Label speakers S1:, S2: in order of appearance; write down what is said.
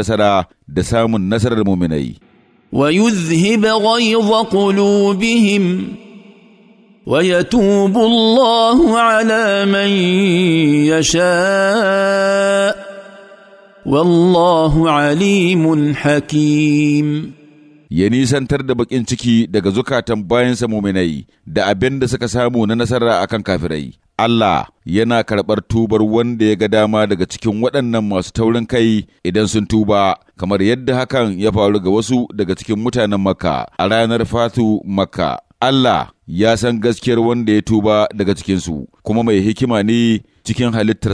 S1: nasara da samun nasarar muminai.
S2: Wa yuzhiba ghayza qulubihim wa yatubu Allah ala man yasha wallahu
S3: alimun hakim. Ya nisantar da bakin ciki daga
S1: zukatan bayansa muminai da abin da suka samu na nasara akan kafirai. Allah yana karɓar tubar wanda ya ga dama daga cikin waɗannan masu taurin kai idan sun tuba, kamar yadda hakan ya faru ga wasu daga cikin mutanen Makka a ranar Fatu
S4: Makka. Allah ya san gaskiyar wanda ya tuba daga cikinsu, kuma mai hikima ne cikin halittar